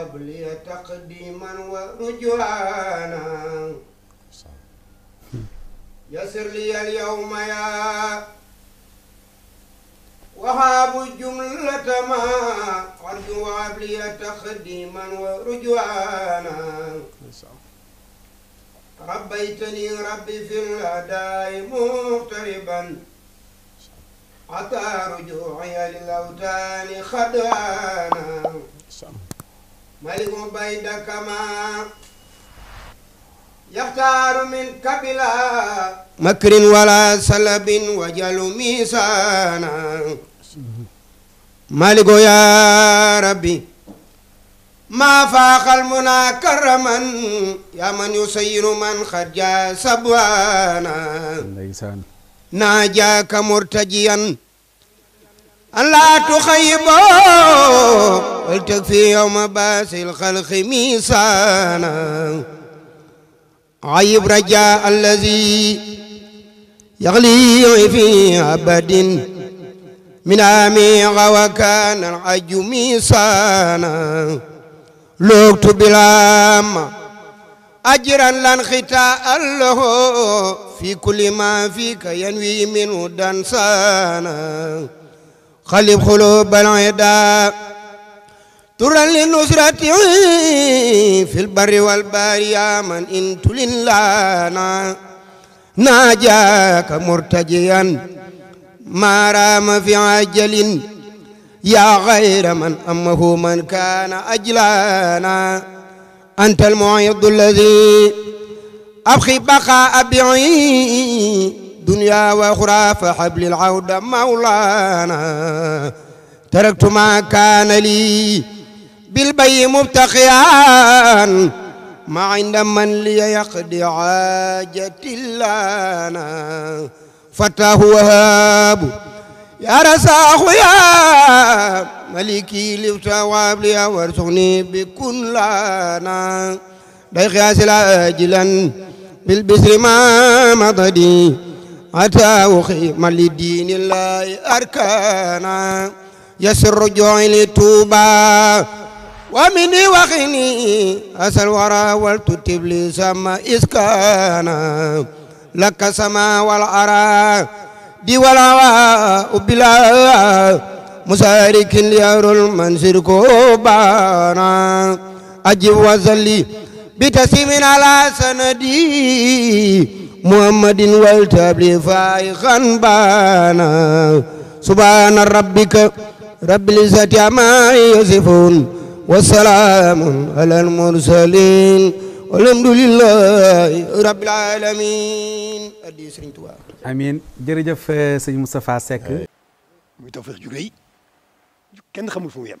قبلي تقديما ورجوانا يسر لي اليوم يا وهاب الجملة ما أرجو لي تقديما ورجوانا ربيتني ربي في الأداء مغتربا عطى رجوعي للأوتان خدانا ملك بين كما يختار من كبلا مكر ولا سلب وجل ميسانا مالك يا ربي ما فاق المنى كرما يا من يسير من خرج سبوانا ناجاك مرتجيا أن لا تخيبوا ولتكفي يوم باس الخلق ميسانا عيب رجاء الذي يغلي في أبد من أميغ وكان العج ميسانا لوكت بلام أجرا لن ختاء له في كل ما فيك ينوي منه دنسانا xalib xulub al-idaa turan li nusrati fil barri wal bahri yaa man in tulin lana naajaaka murtajiyan maaraama fi ajalin yaa xayra man amahu man kaana ajlana anta al-mu'idu alladi abxi baqaa abii دنيا وأخرى فحبل العود مولانا تركت ما كان لي بالبي مبتقيا ما عند من لي يقضي حاجتي لنا فتاه وهاب يا رزاق يا ملكي لفتواب لي وارزقني بكن لنا ضيق يا سلاجلا بالبسر ما مضدي أتاه خيما لدين الله أركانا يسر جعل توبا ومني وخني أسى الورى والتتب لي سما إسكانا لك سما والأرى دي والهواء بلا مسارك ليار المنزل كوبانا أجب وزلي بتسيم على سندي محمد والتبلي فائقا بانا سبحان ربك رب العزة عما يصفون وسلام على المرسلين والحمد لله رب العالمين addi Serigne Touba amiin jërëjëf sëñ Moustapha Seck muy tawfeex ju rëy kenn xamul fu mu yem